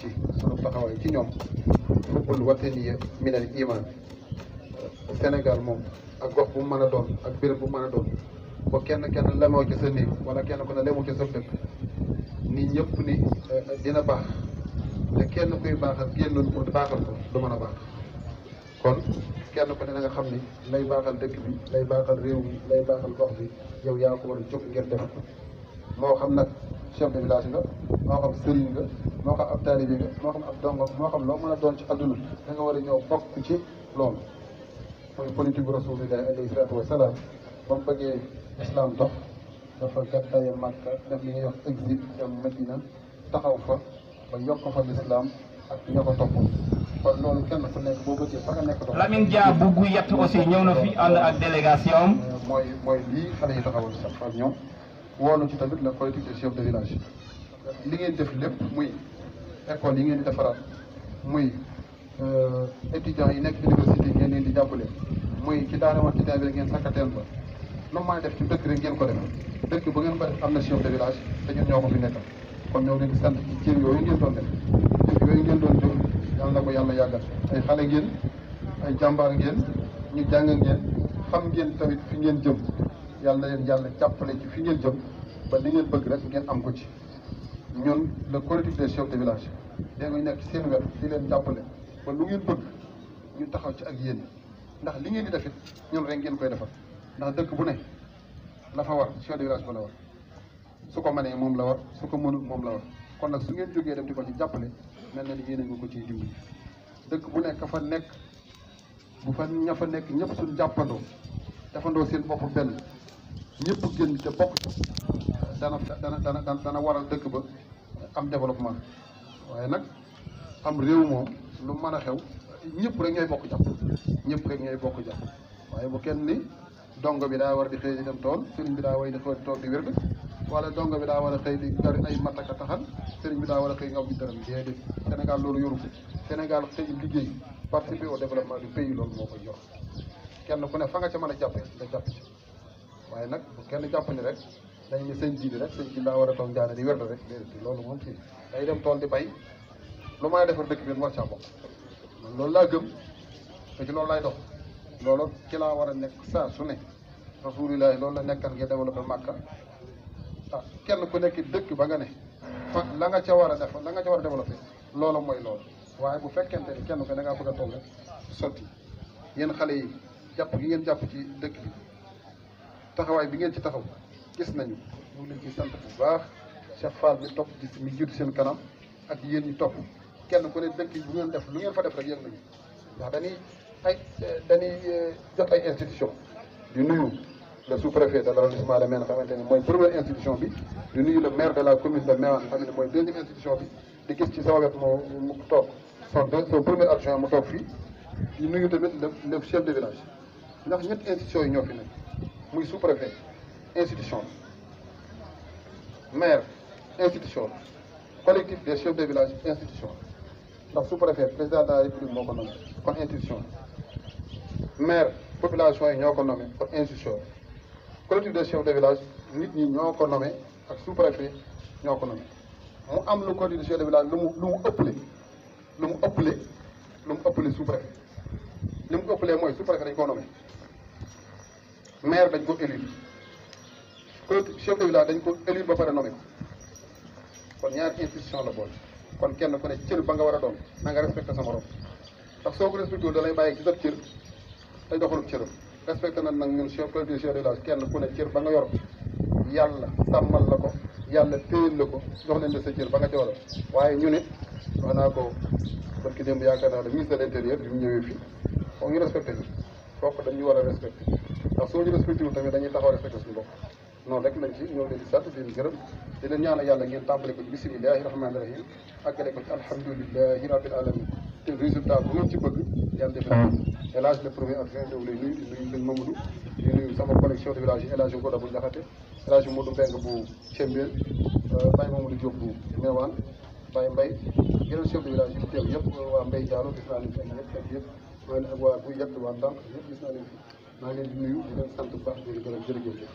ci sunu taxawaay ci ñoom xubbul wataniya minal iman Sénégal moom ak gox bu mu mën a doon ak béréb bu mu mën a doon ba kenn kenn lemoo ci sa néeg wala kenn ku ne lemoo ci sa dëkk nii ñëpp ni euh, dina baax te kenn kuy baaxal génnoon pour baaxal ko du mën a baax kon kenn ku ne na nga xam ni lay baaxal dëkk bi lay baaxal réew mi lay baaxal gox bi yow yaa ko war a jóg ngir def ko moo xam nag chef de village la moo xam sëriñ nga moo xam ab taalibi nga moo xam ab dongo moo xam loo mën a doon ci àdduna da nga war a ñëw bokk ci loolu mooy politique bu rasulillahi alayhi salaatu wasalaam ba mu bëggee islam dox dafa gàddaye Màkka def li ñuy wax exil dem Medina taxaw fa ba yokk fa l'islam ak ña ko topp kon loolu kenn ku nekk boo bëggee fa nga nekk dox Lamine Dia bu gu yett aussi ñëw na fi ànd ak délégation mooy mooy lii xale yi taxawal sax ak ñoom woonu ci tamit le collectif des chefs de village li ngeen def lépp muy école yi ngeen di defaraat muy euh, étudiants yi nekk université yi ngeen leen di jàppale muy ci daara wax ci daara ngeen sakkateen ba lu def ci dëkk rek ngeen ko def dëkk bu ngeen ko am na chef de village te ñun ñoo ko fi nekkal kon ñoo leen di sant ci cër yooyu ngeen doon def cër yooyu ngeen doon jóg yàlla na ko yàlla yàggal ay xale ngeen ay jàmbaar ngeen ñu jàng ngeen xam ngeen tamit fi ngeen jëm yàlla leen yàlla jàppale ci fi ngeen jëm ba li ngeen bëgg rek ngeen am ko ci ñun le collectif des chefs de village dañuy nekk seen wet di leen jàppale ba lu ngeen bëgg ñu taxaw ci ak yéen ndax li ngeen di def it ñun rek ngeen koy defal ndax dëkk bu ne la fa war chef de village ba la war su ko mënee moom la war su ko mënul moom la war kon nag su ngeen jógee dem di ko ci jàppale mel na ni yéen a ngi ko ciy dimbali dëkk bu nekk fa nekk bu fa ña fa nekk ñëpp suñ defandoo seen bokk benn ñëpp génn te bokk dana dana dana dana waral dëkk ba am développement waaye nag am réew moom lu mën a xew ñëpp rek ngay bokk jàpp ñëpp rek ngay bokk jàpp waaye bu kenn ni dongo bi daa war di xëy di dem tool sëriñ bi daa war di xëy di tool di wér wala dongo bi daa war a xëy di gari ay mataka taxan sëriñ bi daa war a xëy ngaw bi dara dee Sénégal loolu yoru ko Sénégal xëy liggéey participer au développement du pays loolu moo koy jox kenn ku ne fa nga ca mën a jàpp nga jàpp waaye nag kenn jàpp ni rek dañ ne sëñ jiili rek sëñ jiili daa war a toog njaane di wér rek déedéet loolu moom fii day dem tool di bay lu may defar dëkk bi war caa bokk loolu laa gëm te ci loolu laay dox loolu ki laa war a nekk saa su ne rasulilah loolu la nekkal ngir développé Màkka ah kenn ku nekk dëkk ba nga ne fa la nga ca war a def la nga ca war a développé loolu mooy loolu waaye bu fekkente ni kenn ku ne da ngaa bëgg a toll sotti yéen xale yi jàpp gi ngeen jàpp ci dëkk bi taxawaay bi ngeen ci taxaw gis nañu ñu ngi leen ci sant bu baax Cheikh Fall mi topp ci mi seen kanam ak yéen ñi topp kenn ku ne dekk yi bu ngeen def lu ngeen fa def rek yëg nañu ndax dañuy ay dañuy eh, jot ay institution di nuyu le sous-préfet de l'arrondissement de Méouane bi di de la commune de Méouane xam ne mooy deuxième institution bi di gis ci sama wet moo mu toog son son premier adjoint mu toog nuyu tamit le le chef de village nous avons une institution. ñoo fi muy sous préfet institution maire institution collectif des chefs de village institution ndax sous préfet président de la république moo institution maire population yi ñoo ko nommé institution collectif des chefs de village nit ñi ñoo ko nommé ak sous préfet ñoo ko nommé Nous am lu collectif des chefs de village nous appelons, lu appelons ëppale lu mu ëppale lu mu sous préfet Nous mu ëppalee sous préfet dañu ko maire dañ ko élire kooku chef de dañ ko élire ba pare nommé kon ñaar institution la boole kon kenn ku ne cër ba nga war a doon na nga respecté sa morom ndax soo ko respecté wul da lay bàyyi ci sa cër te doxalul cëram respecté na nag ñun chef de village kenn ku ne cër ba nga yor yàlla sàmmal la ko yàlla téyel la ko jox nañ de sa cër ba nga ci waaye ñu ne wax naa ko parce que démb yaakaar naa ne ministre de l'intérieur bi mu ñëwee fii foog ñu respecté ñu kooku dañu war a respecté ndax soo ñu respecté wul tamit dañuy taxaw respecté ci ñoo leen di di leen gërëm di leen ñaanal yàlla rahim àggale ko ci alhamdulilahi alamin te résultat bu ci bëgg yàlla defal mm. El Hadj le premier adjoint de lay nuyu di nuyu sëñ Mamadou di nuyu sama connexion de village yi El Hadj Ngoda bu Jaxate El Hadj Modou Mbeng bu Cembeel euh, Baye Mamadou Diop bu Mewane Baye Mbaye yeneen chef de village yi teew yëpp waa Mbaye Diallo gis naa leen fi ak yëpp ak yëpp ak waa bu yëpp waa Ndànk yëpp gis maa ngi leen di a di leen sant bu baax di leen gërëm